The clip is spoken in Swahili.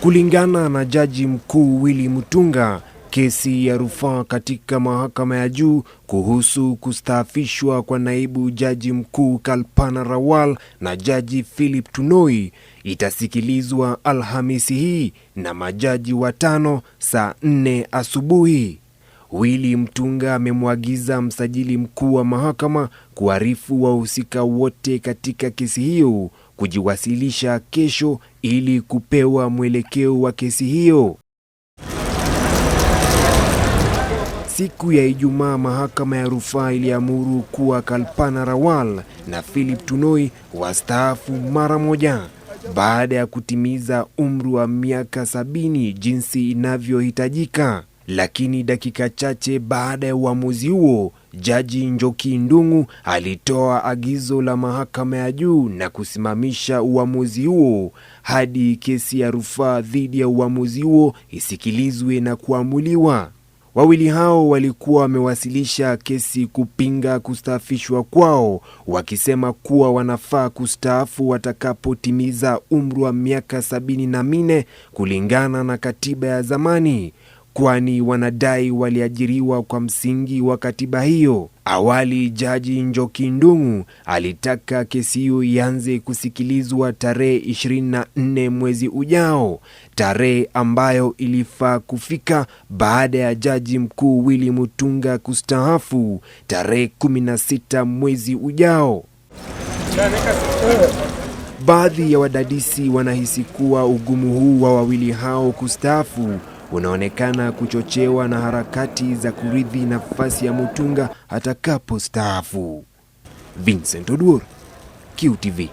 Kulingana na Jaji Mkuu Willy Mutunga, kesi ya rufaa katika mahakama ya juu kuhusu kustaafishwa kwa naibu jaji mkuu Kalpana Rawal na jaji Philip Tunoi itasikilizwa Alhamisi hii na majaji watano saa nne asubuhi. Willy Mutunga amemwagiza msajili mkuu wa mahakama kuarifu wahusika wote katika kesi hiyo kujiwasilisha kesho ili kupewa mwelekeo wa kesi hiyo. Siku ya Ijumaa, mahakama ya rufaa iliamuru kuwa Kalpana Rawal na Philip Tunoi wastaafu mara moja baada ya kutimiza umri wa miaka sabini jinsi inavyohitajika. Lakini dakika chache baada ya uamuzi huo, Jaji Njoki Ndung'u alitoa agizo la mahakama ya juu na kusimamisha uamuzi huo hadi kesi ya rufaa dhidi ya uamuzi huo isikilizwe na kuamuliwa. Wawili hao walikuwa wamewasilisha kesi kupinga kustaafishwa kwao, wakisema kuwa wanafaa kustaafu watakapotimiza umri wa miaka sabini na minne kulingana na katiba ya zamani kwani wanadai waliajiriwa kwa msingi wa katiba hiyo. Awali Jaji Njoki Ndung'u alitaka kesi hiyo ianze kusikilizwa tarehe 24 mwezi ujao, tarehe ambayo ilifaa kufika baada ya Jaji Mkuu Willy Mutunga kustaafu tarehe 16 mwezi ujao. Baadhi ya wadadisi wanahisi kuwa ugumu huu wa wawili hao kustaafu unaonekana kuchochewa na harakati za kurithi nafasi ya Mutunga atakapo staafu. Vincent Odwor, QTV.